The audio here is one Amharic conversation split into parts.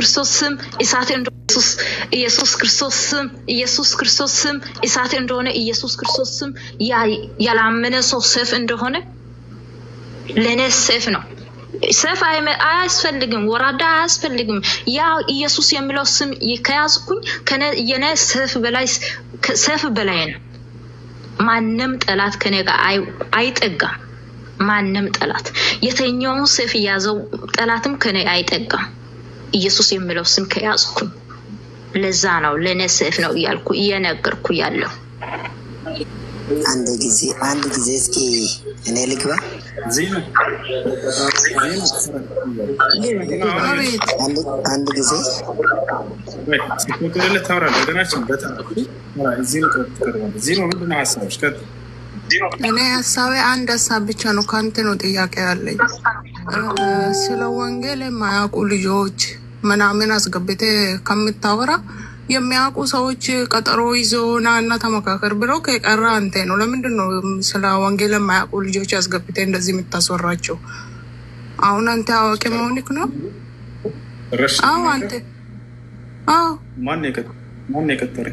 ክርስቶስ ስም እሳት ኢየሱስ ክርስቶስ ስም ኢየሱስ ክርስቶስ ስም እሳት እንደሆነ ኢየሱስ ክርስቶስ ስም ያላመነ ሰው ሰፍ እንደሆነ ለእኔ ሰፍ ነው። ሰፍ አያስፈልግም፣ ወራዳ አያስፈልግም። ያ ኢየሱስ የሚለው ስም ከያዝኩኝ የኔ ሰፍ በላይ ሰፍ በላይ ነው። ማንም ጠላት ከኔ ጋር አይጠጋም። ማንም ጠላት የተኛውን ሰፍ የያዘው ጠላትም ከኔ አይጠጋም። ኢየሱስ የምለው ስም ከያዝኩኝ ለዛ ነው ለነስፍ ነው እያልኩ እየነገርኩ ያለው። አንድ ጊዜ አንድ ጊዜ እስኪ እኔ ልግባ። አንድ ጊዜ እኔ ሀሳቤ አንድ ሀሳብ ብቻ ነው። ከአንተ ነው ጥያቄ ያለኝ ስለ ወንጌል የማያውቁ ልጆች ምናምን አስገብቴ ከምታወራ የሚያውቁ ሰዎች ቀጠሮ ይዞና እና ተመካከር ብለው ከቀራ አንተ ነው። ለምንድን ነው ስለ ወንጌል የማያውቁ ልጆች አስገብቴ እንደዚህ የምታስወራቸው? አሁን አንተ አዋቂ መሆንክ ነው። አዎ አንተ አዎ ማን የቀጠረ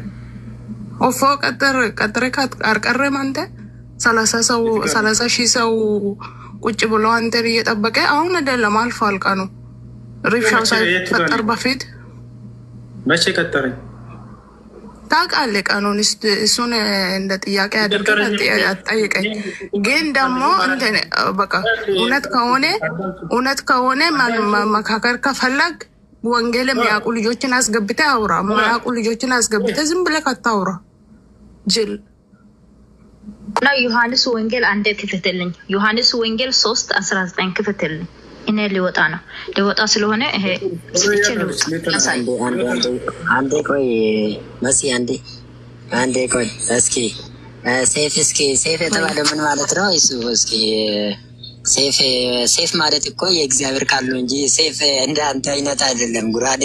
ኦፎ ቀጠር ቀጠረ አርቀረም አንተ ሰላሳ ሰው ሰላሳ ሺህ ሰው ቁጭ ብሎ አንተን እየጠበቀ አሁን አይደለም አልፎ አልቃ ነው ሪብሻው ሳይፈጠር በፊት መቼ ቀጠረኝ ታውቃለህ? ቀኑን እሱን እንደ ጥያቄ አድርገን አትጠይቀኝ። ግን ደግሞ በቃ እውነት ከሆነ እውነት ከሆነ መካከል ከፈለግ ወንጌል የሚያውቁ ልጆችን አስገብተ አውራ። የማያውቁ ልጆችን አስገብተ ዝም ብለህ ካታውራ ጅል እና ዮሐንስ ወንጌል አንዴ ክፍትልኝ ዮሐንስ ወንጌል ሶስት አስራ ዘጠኝ ክፍትልኝ እኔ ሊወጣ ነው ሊወጣ ስለሆነ ይሄ ስልቼ አንዴ ቆይ መሲ አንዴ አንዴ ቆይ እስኪ ሴፍ እስኪ ሴፍ የተባለ ምን ማለት ነው? እሱ እስኪ ሴፍ ሴፍ ማለት እኮ የእግዚአብሔር ቃል ነው እንጂ ሴፍ እንደ አንተ አይነት አይደለም። ጉራዴ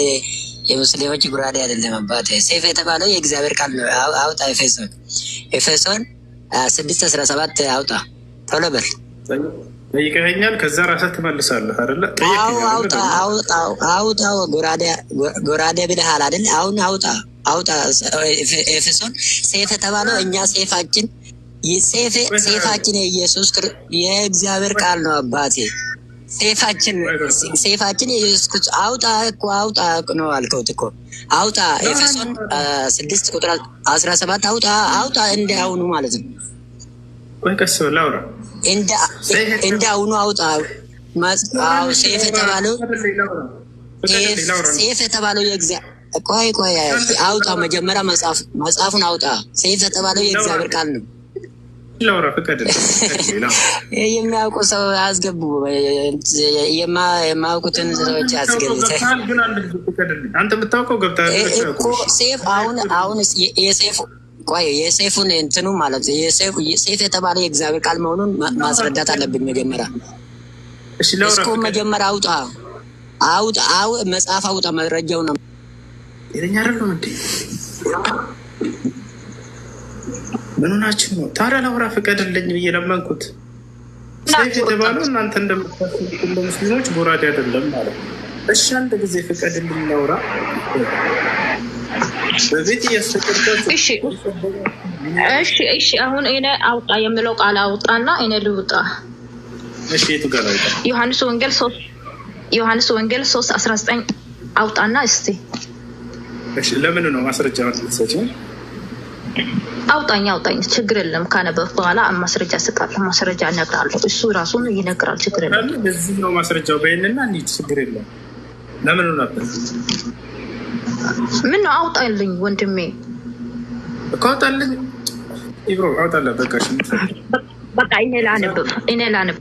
የሙስሊሞች ጉራዴ አይደለም። አባት ሴፍ የተባለው የእግዚአብሔር ቃል ነው። አውጣ ኤፌሶን ኤፌሶን ስድስት አስራ ሰባት አውጣ ቶሎ በል ጠይቀኛል። ከዛ ራስህ ትመልሳለህ አይደለ? ጎራዴ ብለሃል አይደል? አሁን አውጣ አውጣ። ኤፌሶን ሴፍ የተባለው እኛ ሴፋችን ሴፋችን የኢየሱስ የእግዚአብሔር ቃል ነው አባቴ ሴፋችን ሴፋችን የኢየሱስ ክርስቶስ አውጣ እኮ አውጣ ነው ያልከውት እኮ አውጣ ኤፌሶን ስድስት ቁጥር አስራ ሰባት አውጣ አውጣ እንደ አሁኑ ማለት ነው። ወይ ቀስ ብለህ አውራ። እንደ አሁኑ አውጣ። ሴፍ የተባለው ሴፍ የተባለው የእግዚአብሔር ቆይ ቆይ አውጣ። መጀመሪያ መጽሐፉን አውጣ። ሴፍ የተባለው የእግዚአብሔር ቃል ነው። የሚያውቁ ሰው አስገቡ። የማያውቁትን ሰዎች አስገቡ። አንተ የምታውቀው ገብታ አሁን አሁን የሴፍ ቆይ የሰይፉን እንትኑ ማለት የሰይፉ ሰይፍ የተባለ የእግዚአብሔር ቃል መሆኑን ማስረዳት አለብኝ። መጀመሪያ እስኮ መጀመሪያ አውጣ አውጣ አው መጽሐፍ አውጣ መረጃው ነው ምኑ ናችሁ ነው ታዲያ? ለውራ ፍቀድልኝ ብዬ ለመንኩት። ሰይፍ የተባለው እናንተ እንደምታስቡት ሙስሊሞች ጎራዴ አይደለም ማለት እሺ አንድ ጊዜ ፍቀድልኝ ለውራ እሺ አሁን እኔ አውጣ የምለው ቃል አውጣና እኔ ልውጣ። ዮሐንስ ወንጌል ዮሐንስ ወንጌል ሶስት አስራ አውጣና እስቲ ለምን ነው ማስረጃ አውጣኝ አውጣኝ፣ ችግር የለም ካነበብ በኋላ ማስረጃ ስጣለሁ፣ ማስረጃ እነግራለሁ። እሱ ራሱን ይነግራል፣ ችግር የለም። ለዚህ ነው ማስረጃው በይንና ችግር የለም። ለምኑ ነበር ምን ነው አውጣልኝ፣ ወንድሜ እኮ አውጣልኝ፣ ኢብሮ አውጣላ። በቃ በቃ እኔ ላንብ እኔ ላንብ።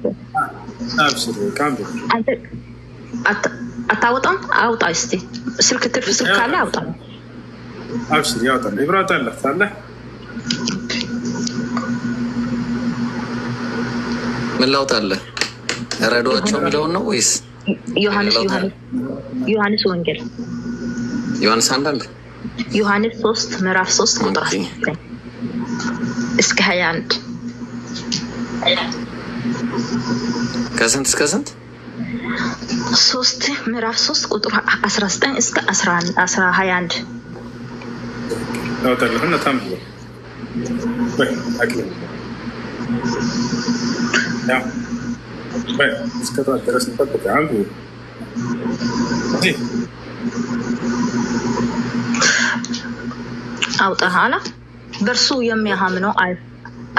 አታወጣም? አውጣ እስቲ። ስልክ ትርፍ ስልክ ካለ አውጣ። አብሽር፣ ያውጣል። ኢብሮ አውጣላ ታለ ምን ላውጣለህ? ረዶቸው የሚለውን ነው ወይስ ዮሐንስ ዮሐንስ ዮሐንስ ወንጌል ዮሐንስ አንዳንድ ዮሐንስ ሶስት ምዕራፍ ሶስት ቁጥር እስከ ሀያ አንድ ከስንት እስከ ስንት ሶስት ምዕራፍ ሶስት ቁጥር አስራ ዘጠኝ እስከ አስራ ሀያ አንድ እስከ ድረስ እንጠብቅ አንዱ አውጥህ በእርሱ የሚያምነው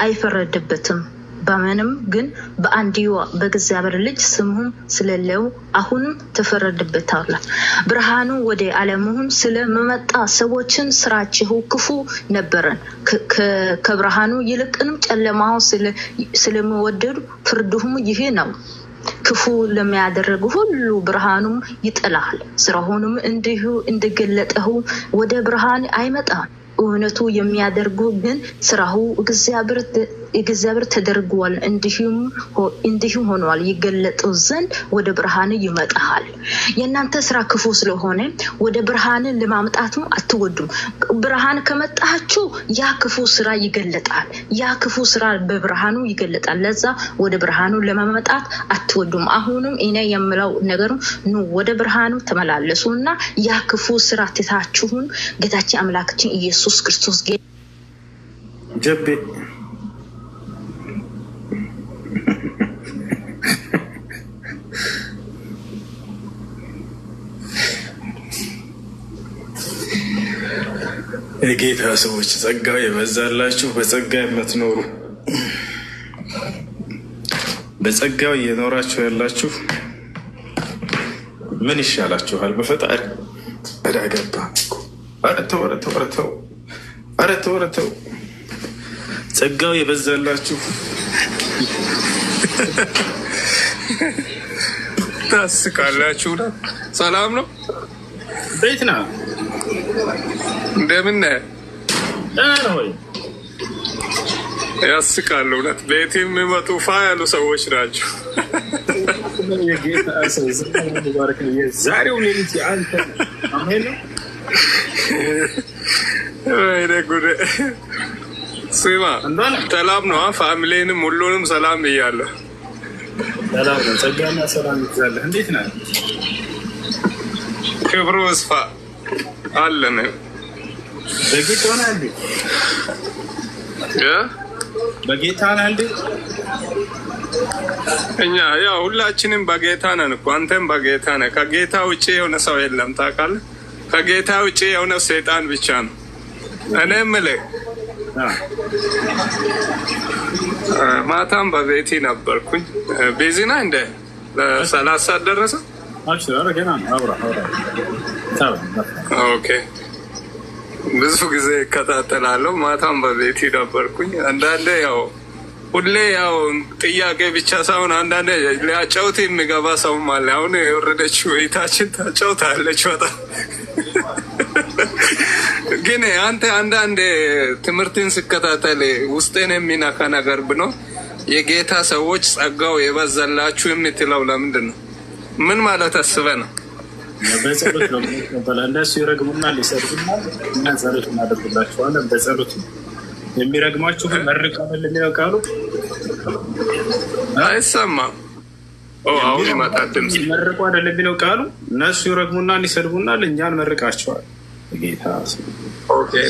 አይፈረድበትም። በምንም ግን በአንድዋ በእግዚአብሔር ልጅ ስሙም ስለለው አሁንም ትፈረድበታለ። ብርሃኑ ወደ ዓለሙም ስለመጣ ሰዎችን ስራችሁ ክፉ ነበረን፣ ከብርሃኑ ይልቅንም ጨለማው ስለሚወደዱ ፍርድሁም ይሄ ነው። ክፉ ለሚያደረግ ሁሉ ብርሃኑም ይጥላል፣ ስራሁንም እንዲሁ እንደገለጠው ወደ ብርሃን አይመጣም። እውነቱ የሚያደርጉ ግን ስራው እግዚአብሔር እግዚአብሔር ተደርጓል፣ እንዲሁም ሆኗል ይገለጡ ዘንድ ወደ ብርሃን ይመጣሃል። የእናንተ ስራ ክፉ ስለሆነ ወደ ብርሃን ለማምጣት አትወዱም። ብርሃን ከመጣችው ያ ክፉ ስራ ይገለጣል። ያ ክፉ ስራ በብርሃኑ ይገለጣል። ለዛ ወደ ብርሃኑ ለማመጣት አትወዱም። አሁንም እኔ የምለው ነገሩ ኑ ወደ ብርሃኑ ተመላለሱ እና ያ ክፉ ስራ ትታችሁን ጌታችን አምላክችን ኢየሱስ ክርስቶስ ጌ ጀቤ የጌታ ሰዎች ጸጋ የበዛላችሁ በጸጋ የምትኖሩ በጸጋው እየኖራችሁ ያላችሁ ምን ይሻላችኋል? በፈጣሪ እዳ ገባ። ኧረ ተው፣ ኧረ ተው፣ ጸጋው የበዛላችሁ ታስቃላችሁ። ሰላም ነው ቤት ነው እንደምን ነህ? ያስቃል። እውነት ቤት የሚመጡ ፋ ያሉ ሰዎች ናቸው። ዛሬው ሌሊት ስማ፣ ሰላም ነው ፋሚሊንም ሁሉንም ሰላም ብያለሁ። ሰላም ነው። ጸጋና ሰላም ይዛለህ። እንዴት ነህ? ክብሩ ስፋ አለን በጌታ ነው እንዴ? በጌታ ነው እንዴ? እኛ ያው ሁላችንም በጌታ ነን እኮ። አንተም በጌታ ነህ። ከጌታ ውጭ የሆነ ሰው የለም ታውቃለህ። ከጌታ ውጭ የሆነ ሰይጣን ብቻ ነው። እኔ የምልህ ማታም በቤቴ ነበርኩኝ። ቤዚና እንደ ለሰላሳ ደረሰ ኦኬ ብዙ ጊዜ እከታተላለሁ። ማታም በቤት ነበርኩኝ። አንዳንዴ ያው ሁሌ ያው ጥያቄ ብቻ ሳይሆን አንዳንዴ ሊያጫውት የሚገባ ሰውም አለ። አሁን የወረደች ቤታችን ታጫውታለች በጣም ግን አንተ አንዳንዴ ትምህርትን ስከታተል ውስጤን የሚነካ ነገር ብኖር የጌታ ሰዎች ጸጋው የበዛላችሁ የምትለው ለምንድን ነው? ምን ማለት አስበ ነው? በጸሎት ነው እነሱ ይረግሙናል፣ ይሰድቡናል፣ እና ጸሎት እናደርግላቸዋለን። በጸሎት ነው የሚረግማችሁ። ግን መርቃበል የሚለው ቃሉ አይሰማም። አሁን ይመጣል ድምፅ። መርቁ አይደለም የሚለው ቃሉ። እነሱ ይረግሙናል፣ ይሰድቡናል፣ እኛን መርቃቸዋል። ጌታ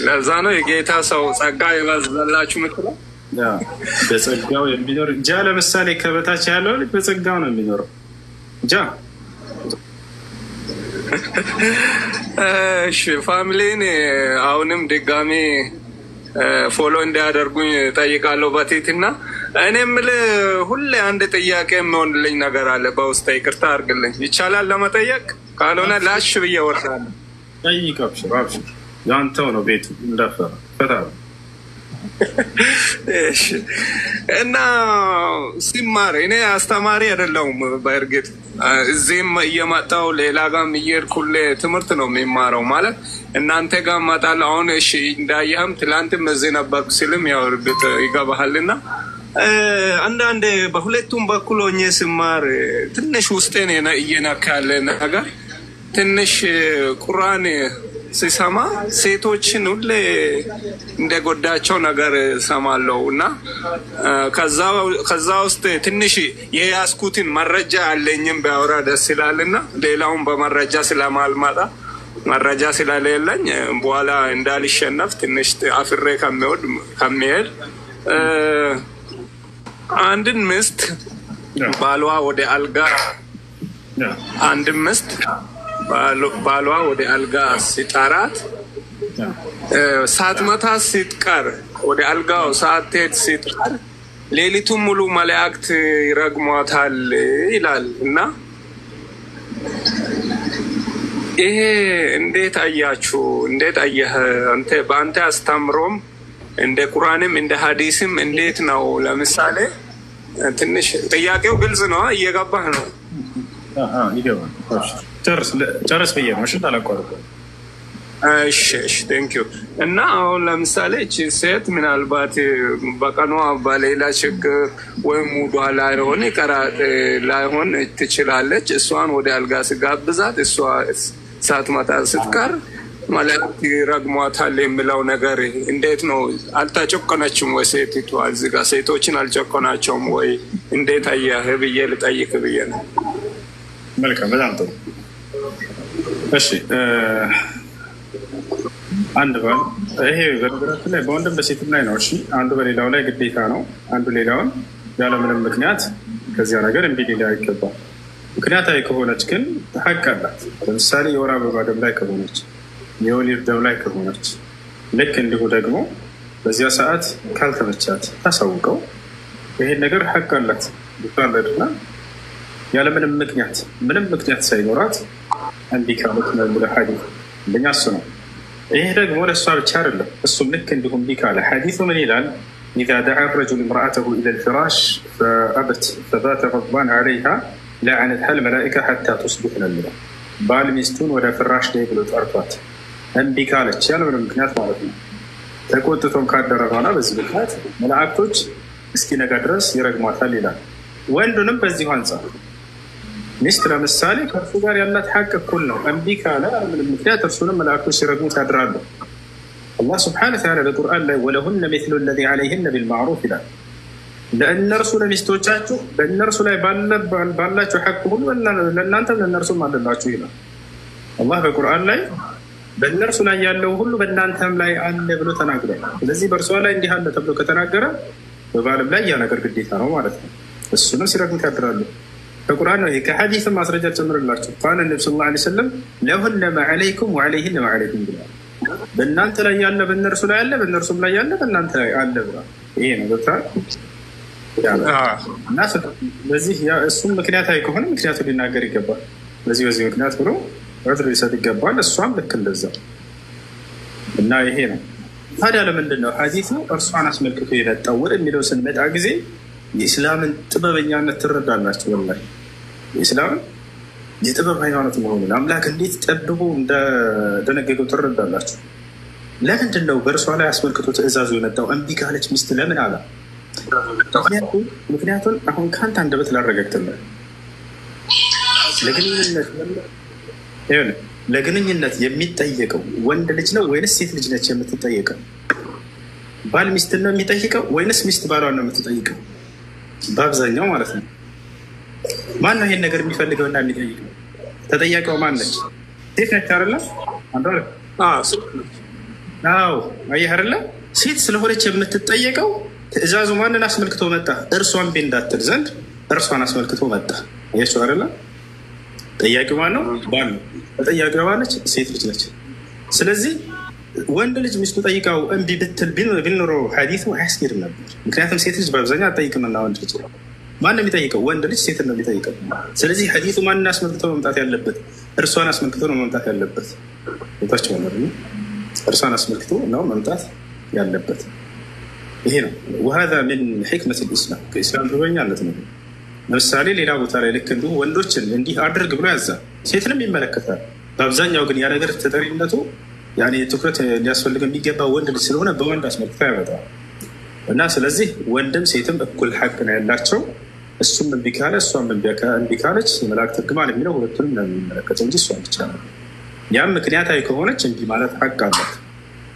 ለዛ ነው የጌታ ሰው ጸጋ ይበዛላችሁ ምትለው። በጸጋው የሚኖር እንጃ። ለምሳሌ ከበታች ያለው በጸጋው ነው የሚኖረው እንጃ እሺ ፋሚሊን አሁንም ድጋሜ ፎሎ እንዲያደርጉኝ ጠይቃለሁ። በቴት እና እኔ የምልህ ሁሌ አንድ ጥያቄ የሚሆንልኝ ነገር አለ። በውስጥ ይቅርታ አድርግልኝ ይቻላል ለመጠየቅ ካልሆነ ላሽ ብዬ ወርዳለሁ። ያንተው ነው ቤቱ እንዳፈራ እና ሲማር እኔ አስተማሪ አይደለሁም በእርግጥ እዚህም እየመጣው ሌላ ጋም እየሄድኩ ትምህርት ነው የሚማረው። ማለት እናንተ ጋ እመጣለሁ። አሁን እሺ፣ እንዳየህም ትላንትም እዚህ ነበርኩ ሲልም ያው እርግጥ ይገባሃልና አንዳንድ በሁለቱም በኩል ሆኜ ስማር ትንሽ ውስጤን እየነካ ያለ ነገር ትንሽ ቁርአን ሲሰማ ሴቶችን ሁሌ እንደጎዳቸው ነገር ሰማለው እና ከዛ ውስጥ ትንሽ የያዝኩትን መረጃ ያለኝም ቢያወራ ደስ ይላል እና ሌላውን በመረጃ ስለማልመጣ መረጃ ስለሌለኝ በኋላ እንዳልሸነፍ ትንሽ አፍሬ ከሚወድ ከሚሄድ አንድን ምስት ባሏ ወደ አልጋ አንድን ምስት ባሏ ወደ አልጋ ሲጠራት ሳትመታ ስትቀር ወደ አልጋው ሳትሄድ ስትቀር ሌሊቱን ሙሉ መላእክት ይረግሟታል ይላል እና ይሄ እንዴት አያችሁ? እንዴት አየህ አንተ? በአንተ አስተምሮም እንደ ቁርአንም እንደ ሀዲስም እንዴት ነው? ለምሳሌ ትንሽ ጥያቄው ግልጽ ነው፣ እየገባህ ነው። ጨርስ ብዬ ነው። እሺ ታላቋርቁ። እሺ እሺ፣ እና አሁን ለምሳሌ ሴት ምናልባት በቀኗ በሌላ ችግር ወይም ሙዷ ላይሆን ቀራ ላይሆን ትችላለች። እሷን ወደ አልጋ ስጋብዛት እሷ ሳትመጣ ስትቀር መላእክት ረግሟታል የሚለው ነገር እንዴት ነው? አልተጨቆነችም ወይ ሴቲቱ? እዚህ ሴቶችን አልጨቆናቸውም ወይ? እንዴት አየህ ብዬ ልጠይቅ ብዬ ነው። መልካም፣ በጣም ጥሩ እሺ አንድ ባል ይሄ በነገራችን ላይ በወንድም በሴትም ላይ ነው። እሺ አንዱ በሌላው ላይ ግዴታ ነው። አንዱ ሌላውን ያለምንም ምክንያት ከዚያ ነገር እምቢ ሌላ ይገባል። ምክንያታዊ ከሆነች ግን ሀቅ አላት። ለምሳሌ የወር አበባ ደም ላይ ከሆነች፣ የወሊድ ደም ላይ ከሆነች ልክ እንዲሁ ደግሞ በዚያ ሰዓት ካልተመቻት ታሳውቀው። ይሄን ነገር ሀቅ አላት ብታለድና ያለምንም ምክንያት ምንም ምክንያት ሳይኖራት እንዲህ ካሉት ነው የሚለው ሐዲስ አንደኛ እሱ ነው። ይህ ደግሞ ለእሷ ብቻ አይደለም። እሱም ልክ እንዲሁ እምቢ ካለ ሐዲሱ ምን ይላል? ኢዛ ደዓ ረጁል እምርአተሁ ኢላ ልፍራሽ ፈአበት ፈዛተ ገድባን ዓለይሃ ለዓነትሃ ልመላኢካ ሓታ ቱስቢሕ ነው የሚለው ባል ሚስቱን ወደ ፍራሽ ላይ ብሎ ጠርቷት እምቢ ካለች ያለምንም ምክንያት ማለት ነው። ተቆጥቶም ካደረ በኋላ በዚህ ምክንያት መላእክቶች እስኪነጋ ድረስ ይረግሟታል ይላል። ወንዱንም በዚሁ አንጻር ሚስት ለምሳሌ ከእርሱ ጋር ያላት ሀቅ እኩል ነው። እምቢ ካለ ምንም ምክንያት እርሱንም መላእክቶች ሲረግሙት ያድራሉ። አላህ ስብሐነ ተዓላ በቁርአን ላይ ወለሁነ ሚስሉ ለዚ ዓለይህነ ቢልማዕሩፍ ይላል። ለእነርሱ ለሚስቶቻችሁ በእነርሱ ላይ ባላቸው ሀቅ ሁሉ ለእናንተም ለእነርሱም አለላችሁ ይላል። አላህ በቁርአን ላይ በእነርሱ ላይ ያለው ሁሉ በእናንተም ላይ አለ ብሎ ተናግሯል። ስለዚህ በእርሷ ላይ እንዲህ አለ ተብሎ ከተናገረ በባልም ላይ ያ ነገር ግዴታ ነው ማለት ነው። እሱንም ሲረግሙት ያድራሉ። በቁርአን ነው ይሄ። ከሐዲስ ማስረጃ ጨምርላቸው። ቃለ ነቢ ስ ላ ሰለም ለሁነማ ዓለይኩም ወዓለይህነማ ዓለይኩም ብለዋል። በእናንተ ላይ ያለ በእነርሱ ላይ ያለ በእነርሱም ላይ ያለ በእናንተ ላይ አለ ብለዋል። ይሄ ነው በታ እና በዚህ እሱም ምክንያታዊ ከሆነ ምክንያቱ ሊናገር ይገባል። በዚህ በዚህ ምክንያት ብሎ ዑድር ሊሰጥ ይገባል። እሷም ልክ እንደዛ እና ይሄ ነው ታዲያ ለምንድን ነው ሐዲሱ እርሷን አስመልክቶ የመጣው ወደሚለው ስንመጣ ጊዜ የእስላምን ጥበበኛነት ትረዳላችሁ ወላሂ ኢስላም የጥበብ ሃይማኖት መሆኑን አምላክ እንዴት ጠብቦ እንደደነገገው ትረዳላችሁ። ለምንድን ነው በእርሷ ላይ አስመልክቶ ትእዛዙ የመጣው? እምቢ ካለች ሚስት ለምን አለ? ምክንያቱም አሁን ከአንተ አንደበት ላረጋግጥልህ፣ ለግንኙነት የሚጠየቀው ወንድ ልጅ ነው ወይንስ ሴት ልጅ ነች የምትጠየቀው? ባል ሚስትን ነው የሚጠይቀው ወይንስ ሚስት ባሏን ነው የምትጠይቀው? በአብዛኛው ማለት ነው ማን ነው ይሄን ነገር የሚፈልገው እና የሚጠይቅ ተጠያቂው ማን ነች? ሴት ነች አይደለ? አዎ አየህ አይደለ? ሴት ስለሆነች የምትጠየቀው ትእዛዙ ማንን አስመልክቶ መጣ? እርሷን ቤ እንዳትል ዘንድ እርሷን አስመልክቶ መጣ። አያችሁ አይደለ? ጠያቂው ማን ነው? ባል ነው። ተጠያቂዋ ማነች? ሴት ልጅ ነች። ስለዚህ ወንድ ልጅ ሚስቱ ጠይቃው እምቢ ብትል ቢኖረው ሀዲቱ አያስኬድም ነበር። ምክንያቱም ሴት ልጅ በአብዛኛው አጠይቅምና ወንድ ልጅ ማን ነው የሚጠይቀው? ወንድ ልጅ ሴትን ነው የሚጠይቀው። ስለዚህ ሐዲሱ ማንን አስመልክቶ መምጣት ያለበት? እርሷን አስመልክቶ ነው መምጣት ያለበት። ነ እርሷን አስመልክቶ ነው መምጣት ያለበት። ይሄ ነው ወሀዛ ምን ሕክመት ልእስላም ከኢስላም ጥበኛለት ነው። ለምሳሌ ሌላ ቦታ ላይ ልክ እንዲሁ ወንዶችን እንዲህ አድርግ ብሎ ያዛ ሴትንም ይመለከታል። በአብዛኛው ግን ያ ነገር ተጠሪነቱ ትኩረት ሊያስፈልግ የሚገባ ወንድ ልጅ ስለሆነ በወንድ አስመልክቶ ያመጣል እና ስለዚህ ወንድም ሴትም እኩል ሀቅ ነው ያላቸው እሱም እምቢ ካለ እሷም እምቢ ካለች የመላእክት እርግማን የሚለው ሁለቱንም ነው የሚመለከተው እንጂ እሷን ብቻ ነው። ያም ምክንያታዊ ከሆነች እምቢ ማለት ሀቅ አላት።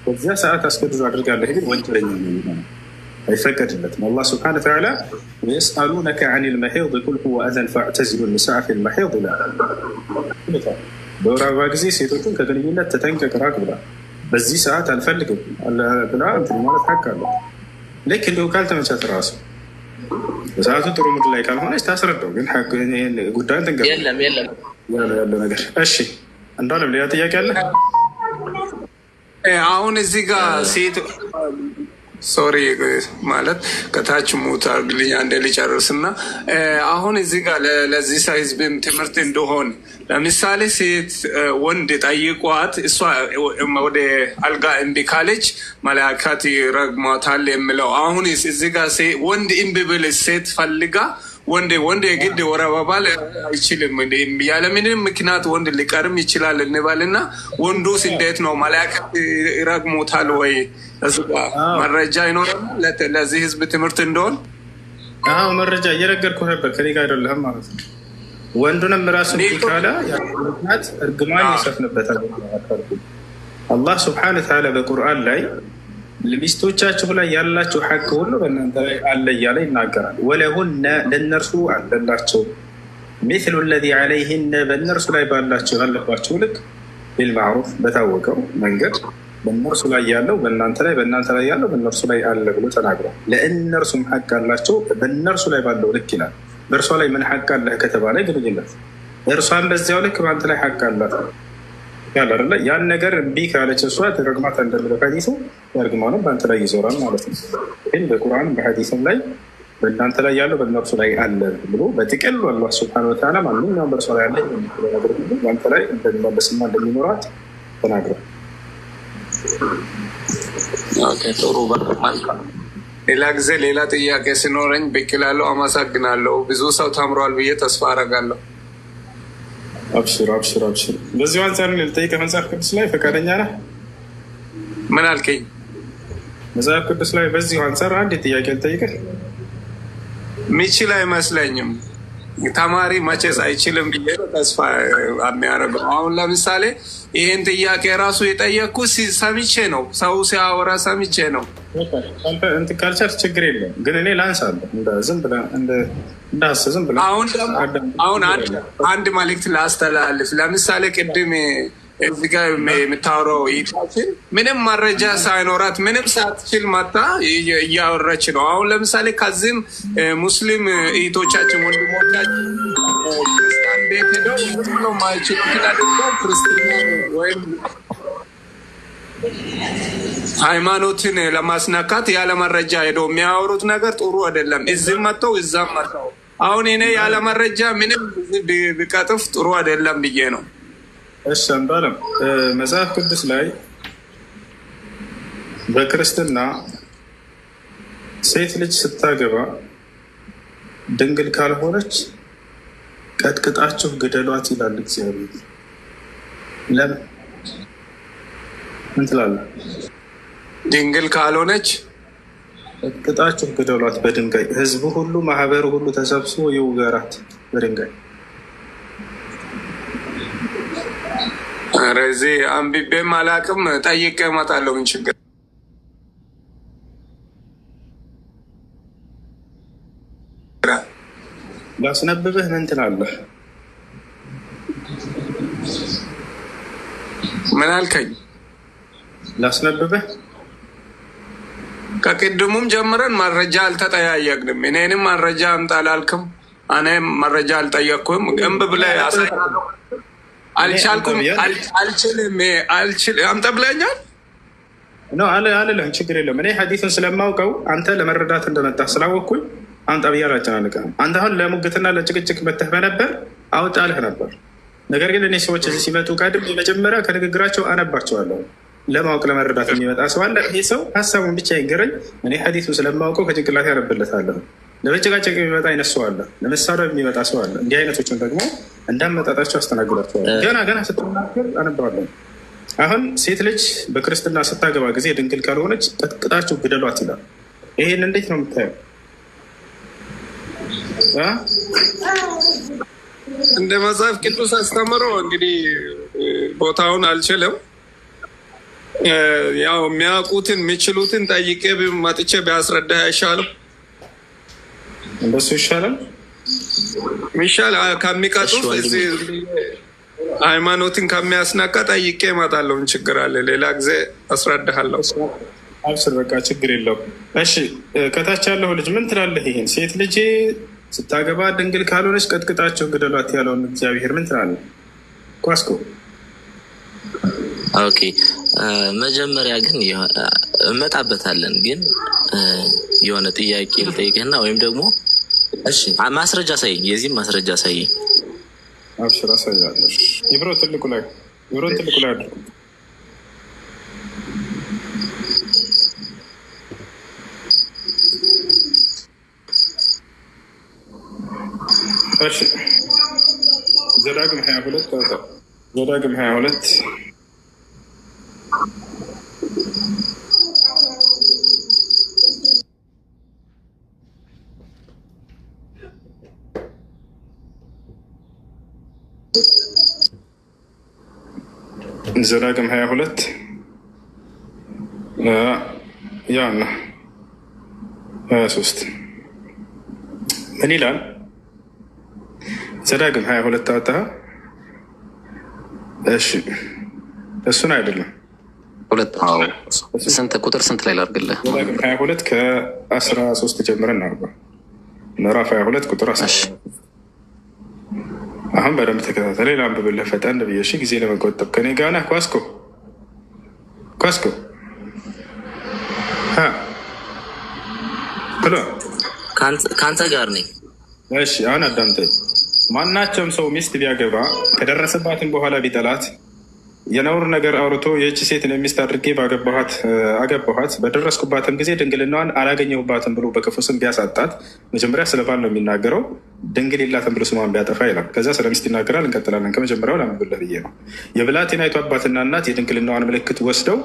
በዚያ ሰዓት አስገድዶ አድርጋለህ ግን ወንጀለኛ ነው፣ አይፈቀድለትም። አላህ ስብሐነሁ ወተዓላ ወየስአሉነከ ዐኒል መሒድ ቁል ሁወ አዘን ፈዕተዚሉ ኒሳአ ፊል መሒድ ይላል። በወር አበባ ጊዜ ሴቶቹን ከግንኙነት ተጠንቀቅ፣ ራቅ ብላ በዚህ ሰዓት አልፈልግም ብላ ማለት ሀቅ አላት። ልክ እንዲሁ ካልተመቻት ራሱ ሰዓቱ ጥሩ ሙድ ላይ ካልሆነች ታስረዳው። ግን ጉዳዩን ትንገ ነገር እሺ። እንዳለም ሌላ ጥያቄ አለ። አሁን እዚህ ጋር ሴት ሶሪ ማለት ከታች ሙት አርግልኛ እንደ ልጨርስና አሁን እዚህ ጋር ለዚህ ህዝብም ትምህርት እንደሆን ለምሳሌ ሴት ወንድ ጠይቋት እሷ ወደ አልጋ እምቢ ካለች መላእክት ይረግሟታል የምለው አሁን እዚህ ጋር ወንድ እምቢ ብል ሴት ፈልጋ ወንድ ወንድ የግድ ወር አበባ አይችልም። ያለምንም ምክንያት ወንድ ሊቀርም ይችላል እንበልና ወንዱስ እንዴት ነው? መላእክት ይረግሙታል ወይ? መረጃ ይኖራል ለዚህ ህዝብ ትምህርት እንደሆን መረጃ እየነገርኩህ ነበር። ከኔ ጋር አይደለም ማለት ነው ወንዱንም ራሱ ቢካላ ያት እርግማን ይሰፍንበታል። አላህ ስብሓነ ተዓላ በቁርአን ላይ ለሚስቶቻችሁ ላይ ያላቸው ሐቅ ሁሉ በእናንተ ላይ አለ እያለ ይናገራል። ወለሁነ ለእነርሱ አለላቸው ሚስሉ ለዚ ዓለይህነ በእነርሱ ላይ ባላቸው ያለባቸው ልክ ቢልማዕሩፍ በታወቀው መንገድ በእነርሱ ላይ ያለው በእናንተ ላይ በእናንተ ላይ ያለው በእነርሱ ላይ አለ ብሎ ተናግሯል። ለእነርሱም ሐቅ አላቸው በእነርሱ ላይ ባለው ልክ ይላል። በእርሷ ላይ ምን ሀቅ አለ ከተባለ ግንኙነት፣ እርሷን በዚያው ልክ በአንተ ላይ ሀቅ አላት ያለ ያን ነገር እምቢ ካለች እሷ ተረግማት እንደሚለው ሀዲሱ እርግማኑም በአንተ ላይ ይዞራል ማለት ነው። ግን በቁርአን በሀዲስም ላይ በእናንተ ላይ ያለው በእነርሱ ላይ አለ ብሎ በጥቅል አላህ ስብሐነሁ ወተዓላ ማንኛውም በእርሷ ላይ ያለ በአንተ ላይ እንደሚመለስና እንደሚኖራት ተናግሯል። ጥሩ ሌላ ጊዜ ሌላ ጥያቄ ሲኖረኝ ብቅ እላለሁ። አመሰግናለሁ። ብዙ ሰው ተምሯል ብዬ ተስፋ አደርጋለሁ። አብሽር አብሽር አብሽር። በዚሁ አንጻር ልጠይቅህ፣ መጽሐፍ ቅዱስ ላይ ፈቃደኛ ነህ? ምን አልከኝ? መጽሐፍ ቅዱስ ላይ በዚሁ አንጻር አንድ ጥያቄ ልጠይቅህ። ሚችል አይመስለኝም። ተማሪ መቼስ አይችልም ብዬ ተስፋ የሚያደርገው አሁን ለምሳሌ ይህን ጥያቄ ራሱ የጠየቅኩ ሰምቼ ነው፣ ሰው ሲያወራ ሰምቼ ነው። ካልቸር ችግር የለም ግን እኔ ላንሳለሁ እንዳስብም አሁን አንድ መልዕክት ላስተላልፍ። ለምሳሌ ቅድም እዚህ ጋር የምታወራው ይታችን ምንም መረጃ ሳይኖራት ምንም ሳትችል መታ እያወራች ነው። አሁን ለምሳሌ ከዚህም ሙስሊም እህቶቻችን ወንድሞቻችን ክርስቲያን ሃይማኖትን ለማስነካት ያለ መረጃ ሄደው የሚያወሩት ነገር ጥሩ አይደለም። እዚህም መጥተው እዛም መጥተው አሁን እኔ ያለ መረጃ ምንም ብቀጥፍ ጥሩ አይደለም ብዬ ነው እሺ አንባለም። መጽሐፍ ቅዱስ ላይ በክርስትና ሴት ልጅ ስታገባ ድንግል ካልሆነች ቀጥቅጣችሁ ግደሏት ይላል እግዚአብሔር። ለምን ምን ትላለህ? ድንግል ካልሆነች ቀጥቅጣችሁ ግደሏት በድንጋይ ህዝቡ ሁሉ ማህበሩ ሁሉ ተሰብስቦ ይውገራት በድንጋይ ኧረ እዚህ አንብቤም አላውቅም። ጠይቄ እመጣለሁ። ምን ችግር ላስነብብህ ምን ትላለህ? ምን አልከኝ? ላስነብብህ ከቅድሙም ጀምረን መረጃ አልተጠያየቅንም። እኔንም መረጃ አምጣ አላልክም። እኔም መረጃ አልጠየቅኩም። እንብ ብለህ አልቻልኩም አልችልም አልችል አምጣ ብለኛል። አልልህም፣ ችግር የለም። እኔ ሀዲቱን ስለማውቀው አንተ ለመረዳት እንደመጣ ስላወቅኩኝ አምጣ ብዬ አላጨናንቅህም። አንተ አሁን ለሙግትና ለጭቅጭቅ መተህ በነበር አውጣልህ ነበር። ነገር ግን እኔ ሰዎች እዚህ ሲመጡ ቀድም የመጀመሪያ ከንግግራቸው አነባቸዋለሁ ለማወቅ ለመረዳት የሚመጣ ሰው አለ። ይሄ ሰው ሀሳቡን ብቻ ይገረኝ። እኔ ሀዲቱን ስለማውቀው ከጭንቅላት ያነብለታለሁ። ለመጨቃጨቅ የሚመጣ አይነት ሰው አለ፣ ለመሳደብ የሚመጣ ሰው አለ። እንዲህ አይነቶችን ደግሞ እንዳመጣጣቸው አስተናግዳቸዋል። ገና ገና ስትናገር አነባዋለን። አሁን ሴት ልጅ በክርስትና ስታገባ ጊዜ ድንግል ካልሆነች ቀጥቅጣችሁ ግደሏት ይላል። ይሄን እንዴት ነው የምታየው? እንደ መጽሐፍ ቅዱስ አስተምሮ እንግዲህ ቦታውን አልችልም። ያው የሚያውቁትን የሚችሉትን ጠይቄ መጥቼ ቢያስረዳ አይሻልም? እንደሱ ይሻላል ይሻል ከሚቀጡ ሃይማኖትን ከሚያስናቃ ጠይቄ እመጣለሁ። ችግር አለ ሌላ ጊዜ አስረዳሃለሁ። አብስር በቃ ችግር የለው። እሺ ከታች ያለሁ ልጅ ምን ትላለህ? ይህን ሴት ልጅ ስታገባ ድንግል ካልሆነች ቀጥቅጣቸው ግደሏት ያለውን እግዚአብሔር ምን ትላለህ? ኳስኮ ኦኬ መጀመሪያ ግን እመጣበታለን፣ ግን የሆነ ጥያቄ ልጠይቅህና ወይም ደግሞ ማስረጃ ሳይ የዚህም ማስረጃ ሳይ አብሽር አሳያለሁ። ይብሮ ትልቁ ላይ ይብሮ ትልቁ ላይ እሺ ዘዳግም ሀያ ሁለት ዘዳግም ሀያ ሁለት ዘዳግም 22 ያን 23 ምን ይላል? ዘዳግም 22 አጣ። እሺ እሱን አይደለም ስንት ቁጥር ስንት ላይ ላድርግልህ? ሁለት ከ13 ጀምረን እናርባ ምዕራፍ 22 ቁጥር አሁን በደንብ ተከታተለ። ለአንብብልህ ፈጠን ብዬሽ ጊዜ ለመቆጠብ ከኔ ጋር ነህ። ኳስኮ ኳስኮ ብሎ ከአንተ ጋር ነኝ። እሺ አሁን አዳምጠኝ። ማናቸውም ሰው ሚስት ቢያገባ ከደረሰባትን በኋላ ቢጠላት የነውር ነገር አውርቶ የእች ሴት ነው ሚስት አድርጌ ባገባኋት አገባኋት በደረስኩባትም ጊዜ ድንግልናዋን አላገኘሁባትም ብሎ በክፉ ስም ቢያሳጣት መጀመሪያ ስለባል ነው የሚናገረው ድንግል የላትም ብሎ ስሟን ቢያጠፋ ይላል። ከዛ ስለ ሚስት ይናገራል። እንቀጥላለን። ከመጀመሪያው ላምብለህ ብዬ ነው። የብላቴናይቱ አባትና እናት የድንግልናዋን ምልክት ወስደው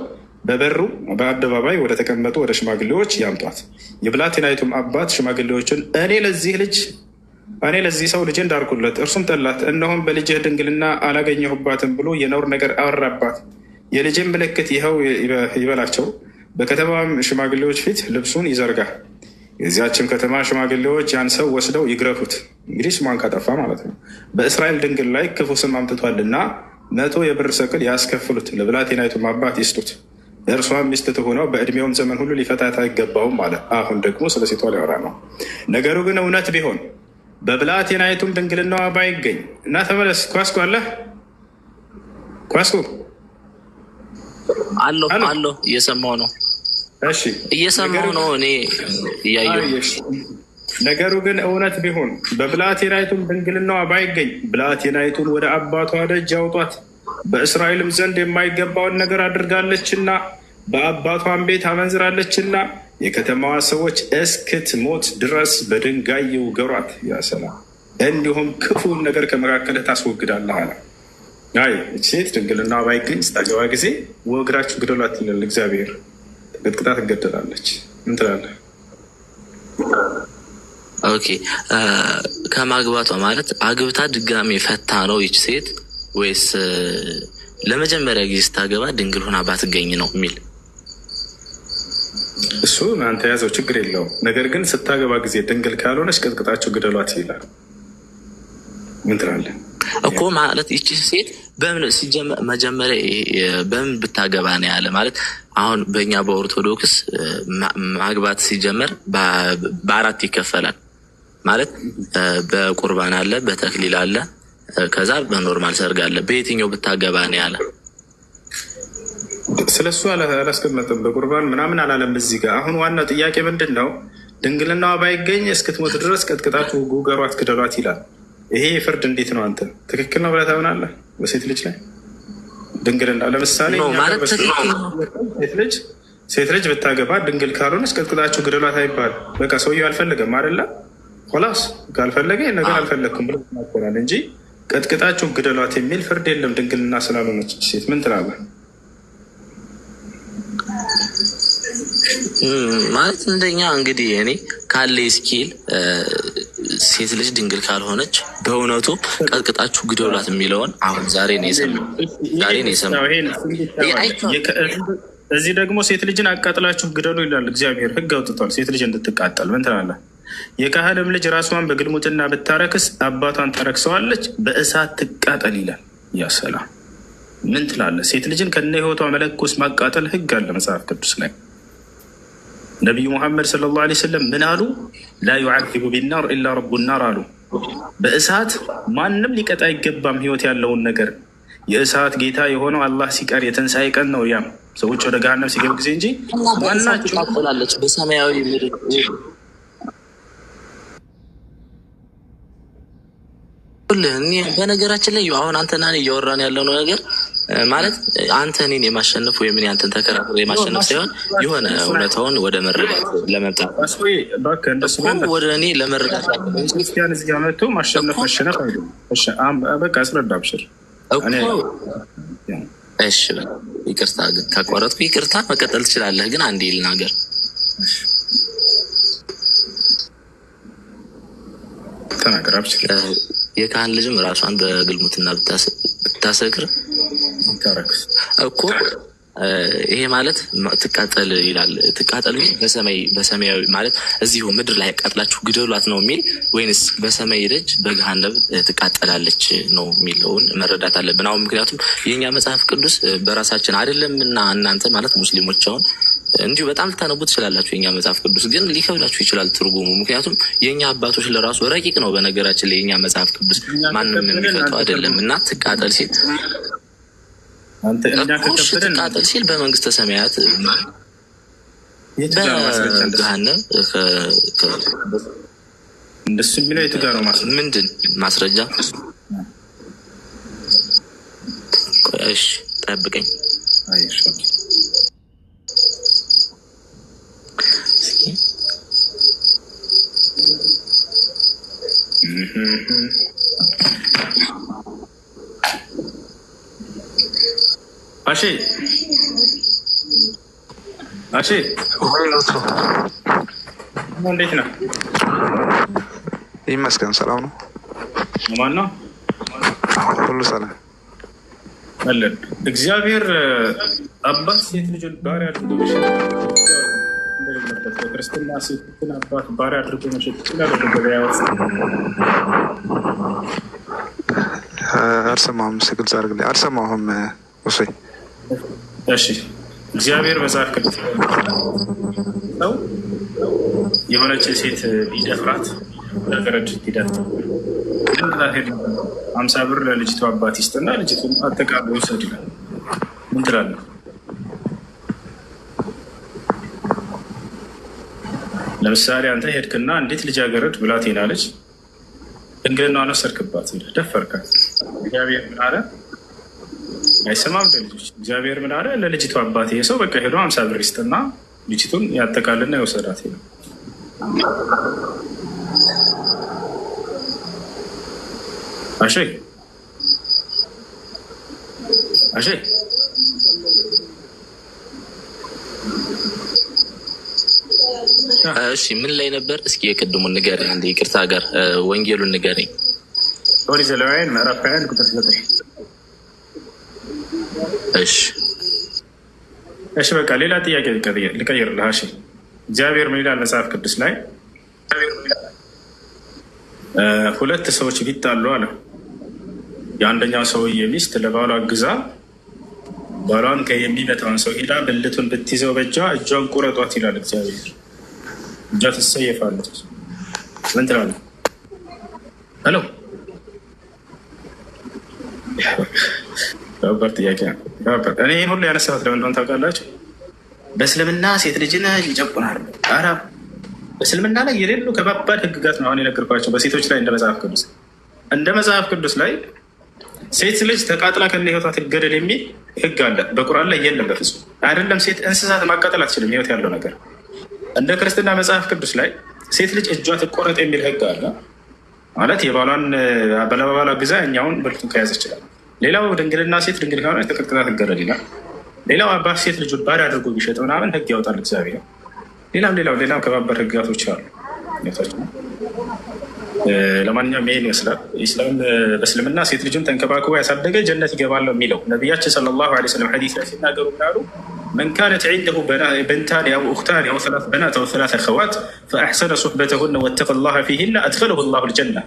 በበሩ በአደባባይ ወደ ተቀመጡ ወደ ሽማግሌዎች ያምጧት። የብላቴናይቱም አባት ሽማግሌዎችን እኔ ለዚህ ልጅ እኔ ለዚህ ሰው ልጅ እንዳርኩለት እርሱም ጠላት፣ እነሆም በልጅህ ድንግልና አላገኘሁባትም ብሎ የነውር ነገር አወራባት። የልጅን ምልክት ይኸው ይበላቸው። በከተማም ሽማግሌዎች ፊት ልብሱን ይዘርጋል። የዚያችን ከተማ ሽማግሌዎች ያን ሰው ወስደው ይግረፉት። እንግዲህ ስሟን ካጠፋ ማለት ነው። በእስራኤል ድንግል ላይ ክፉ ስም አምጥቷልና መቶ የብር ሰቅል ያስከፍሉት፣ ለብላቴናይቱም አባት ይስጡት፣ እርሷም ሚስት ትሆነው፣ በእድሜውም ዘመን ሁሉ ሊፈታት አይገባውም አለ። አሁን ደግሞ ስለ ሴቷ ሊያወራ ነው። ነገሩ ግን እውነት ቢሆን በብላቴናይቱም ድንግልናዋ ባይገኝ እና ተመለስ። ኳስኩ አለ ኳስኩ አለሁ አለሁ፣ እየሰማሁ ነው እየሰማሁ ነው እኔ እያየሁ ነገሩ ግን እውነት ቢሆን በብላቴናይቱም ድንግልናዋ ባይገኝ ብላቴናይቱን ወደ አባቷ ደጅ አውጧት፣ በእስራኤልም ዘንድ የማይገባውን ነገር አድርጋለችና በአባቷን ቤት አመንዝራለችና የከተማዋ ሰዎች እስክትሞት ድረስ በድንጋይ ይውገሯት፣ ያሰላ እንዲሁም ክፉን ነገር ከመካከል ታስወግዳለህ አለ። አይ ሴት ድንግልናዋ ባይገኝ ስታገባ ጊዜ ወግራችሁ ግደሏት ይላል እግዚአብሔር። ቅጥቅጣ ትገደላለች። ምን ትላለህ? ኦኬ ከማግባቷ ማለት አግብታ ድጋሚ ፈታ ነው ይች ሴት ወይስ ለመጀመሪያ ጊዜ ስታገባ ድንግል ሆና ባትገኝ ነው የሚል እሱ አንተ የያዘው ችግር የለውም። ነገር ግን ስታገባ ጊዜ ድንግል ካልሆነች ቅጥቅጣቸው ግደሏት ይላል። ምን ትላለህ? እኮ ማለት ይቺ ሴት በምን ሲጀመር መጀመሪያ በምን ብታገባ ነው ያለ ማለት አሁን በእኛ በኦርቶዶክስ ማግባት ሲጀመር በአራት ይከፈላል ማለት በቁርባን አለ፣ በተክሊል አለ፣ ከዛ በኖርማል ሰርግ አለ። በየትኛው ብታገባ ነው ያለ? ስለ እሱ አላስቀመጥም። በቁርባን ምናምን አላለም እዚህ ጋር። አሁን ዋናው ጥያቄ ምንድን ነው? ድንግልናዋ ባይገኝ እስክትሞት ድረስ ቀጥቅጣችሁ ጉገሯት፣ ክደሏት ይላል። ይሄ ፍርድ እንዴት ነው? አንተ ትክክል ነው ብለህ ታምናለህ? በሴት ልጅ ላይ ድንግልና ለምሳሌ ሴት ልጅ ሴት ልጅ ብታገባ ድንግል ካልሆነች ቀጥቅጣችሁ ግደሏት አይባልም። በቃ ሰውየው አልፈለገም አደለ? ላስ ካልፈለገ ነገር አልፈለግኩም ብለህ ትናገራለህ እንጂ ቀጥቅጣችሁ ግደሏት የሚል ፍርድ የለም። ድንግልና ስላልሆነች ሴት ምን ትላለህ? ማለት እንደኛ እንግዲህ እኔ ካለ ስኪል ሴት ልጅ ድንግል ካልሆነች በእውነቱ ቀጥቅጣችሁ ግደውላት የሚለውን አሁን ዛሬ ነው የሰማው። ነው እዚህ ደግሞ ሴት ልጅን አቃጥላችሁ ግደሉ ይላል እግዚአብሔር። ህግ አውጥቷል ሴት ልጅ እንድትቃጠል። ምን ትላለህ? የካህንም ልጅ ራሷን በግልሙትና ብታረክስ አባቷን ተረክሰዋለች በእሳት ትቃጠል ይላል። ያሰላ ምን ትላለህ? ሴት ልጅን ከነ ህይወቷ መለኮስ ማቃጠል ህግ አለ መጽሐፍ ቅዱስ ላይ ነቢዩ ሙሐመድ ሰለላሁ ዓለይሂ ወሰለም ምን አሉ? ላ ዩዓዚቡ ቢናር ኢላ ረቡ ናር አሉ። በእሳት ማንም ሊቀጣ አይገባም ህይወት ያለውን ነገር የእሳት ጌታ የሆነው አላህ ሲቀር የትንሣኤ ቀን ነው። ያም ሰዎች ወደ ገሃነም ሲገቡ ጊዜ እንጂ ማናቸው በሰማያዊ ምድር በነገራችን ላይ አሁን አንተና እያወራን ያለው ነገር ማለት አንተ እኔን የማሸነፍ ወይም ያንተን ተከራክሮ የማሸነፍ ሳይሆን የሆነ እውነታውን ወደ መረዳት ለመምጣት ወደ እኔ ለመረዳት ይቅርታ፣ ግን ካቋረጥኩ ይቅርታ። መቀጠል ትችላለህ፣ ግን አንዴ ልናገር። የካህን ልጅም ራሷን በግልሙትና ብታሰክር እኮ ይሄ ማለት ትቃጠል ይላል። ትቃጠል በሰማይ በሰማያዊ ማለት እዚሁ ምድር ላይ ያቃጥላችሁ ግደሏት ነው የሚል ወይንስ በሰማይ ደጅ በገሃነብ ትቃጠላለች ነው የሚለውን መረዳት አለብን። አሁን ምክንያቱም የኛ መጽሐፍ ቅዱስ በራሳችን አይደለም እና እናንተ ማለት ሙስሊሞች አሁን እንዲሁ በጣም ልታነቡ ትችላላችሁ። የኛ መጽሐፍ ቅዱስ ግን ሊከብዳችሁ ይችላል ትርጉሙ። ምክንያቱም የእኛ አባቶች ለራሱ ረቂቅ ነው። በነገራችን ላይ የኛ መጽሐፍ ቅዱስ ማንም የሚፈተው አይደለም እና ትቃጠል ሲል እሺ ሲል በመንግስተ ሰማያት በገሃነም እንደሱ የሚለው የቱ ጋር ነው? ምንድን ማስረጃ? እሺ ጠብቀኝ። አሺ አሺ እንዴት ነው? ይመስገን ሰላም ነው። ማን ነው? ሁሉ ሰላም አለን። እግዚአብሔር አባት ሴት ልጅ ባሪያ አድርጎ መሸጥ እንደሌለበት በክርስትና አባት ባሪያ አድርጎ መሸጥ ይችላል ገበያ አልሰማሁም። ግልጽ አድርግልኝ። አልሰማሁም። እሱኝ እሺ እግዚአብሔር መጽሐፍ ቅዱስ ነው የሆነች ሴት ቢደፍራት ለገረድ ሊደፍት ሄድ አምሳ ብር ለልጅቱ አባት ይስጥና ልጅቱ አጠቃሎ ውሰድ ይላል። ምን ትላለህ? ለምሳሌ አንተ ሄድክና እንዴት ልጃገረድ ብላቴና ልጅ ነው ወሰድክባት፣ ደፈርካት እግዚአብሔር ምን አለ? አይሰማም ለልጆች እግዚአብሔር ምን አለ? ለልጅቱ አባት ይሄ ሰው በቃ ሄዶ አምሳ ብር ይስጥና ልጅቱን ያጠቃልና የወሰዳት ነው። አሼ አሼ እሺ ምን ላይ ነበር? እስኪ የቅድሙን ንገረኝ፣ ይቅርታ ጋር ወንጌሉን ንገረኝ። ኦሪት ዘሌዋውያን ምዕራፍ ሃያ አንድ ቁጥር ዘጠኝ እሺ እሺ በቃ ሌላ ጥያቄ ልቀይርልህ። እሺ እግዚአብሔር ምን ይላል መጽሐፍ ቅዱስ ላይ ሁለት ሰዎች ቢጣሉ አለ የአንደኛው ሰውዬ ሚስት ለባሏ ግዛ ባሏን ከየሚመታውን ሰው ሄዳ ብልቱን ብትይዘው በእጇ እጇን ቁረጧት ይላል እግዚአብሔር። እጇ ትሰየፋለች። ምን ትላለህ? ነበር ጥያቄ ነበር። እኔ ይህን ሁሉ ያነሳሁት ለምን እንደሆነ ታውቃላችሁ? በእስልምና ሴት ልጅን ይጨቁናል። ኧረ በእስልምና ላይ የሌሉ ከባባድ ህግጋት ነው አሁን የነገርኳቸው በሴቶች ላይ እንደ መጽሐፍ ቅዱስ እንደ መጽሐፍ ቅዱስ ላይ ሴት ልጅ ተቃጥላ ከነ ህይወቷ ትገደል የሚል ህግ አለ። በቁርአን ላይ የለም በፍጹም አይደለም። ሴት እንስሳት ማቃጠል አትችልም፣ ህይወት ያለው ነገር። እንደ ክርስትና መጽሐፍ ቅዱስ ላይ ሴት ልጅ እጇ ትቆረጥ የሚል ህግ አለ። ማለት የባሏን በለባባሏ ግዛ እኛውን መልኩን ከያዘ ይችላል። ሌላው ድንግልና ሴት ድንግል ከሆነ ተቀጥቅጣ ትገረድ ይላል። ሌላው አባት ሴት ልጁ ባድ አድርጎ ቢሸጥ ምናምን ህግ ያወጣል እግዚአብሔር። ሌላም ሌላው ሌላም ከባበር ህግጋቶች አሉ። ለማንኛውም ይሄን ይመስላል ኢስላም። በእስልምና ሴት ልጅን ተንከባክቦ ያሳደገ ጀነት ይገባለሁ የሚለው ነቢያችን ሰለላሁ ዐለይሂ ወሰለም ሐዲስ ላይ ሲናገሩ ምናሉ መን ካነት ዒንደሁ ብንታን አው ኡኽታን አው ሰላት በናት አው ሰላት አኸዋት ፈአሕሰነ ሱሕበተሁነ ወተቀ ላህ ፊሂነ አድኸለሁ ላሁ ልጀና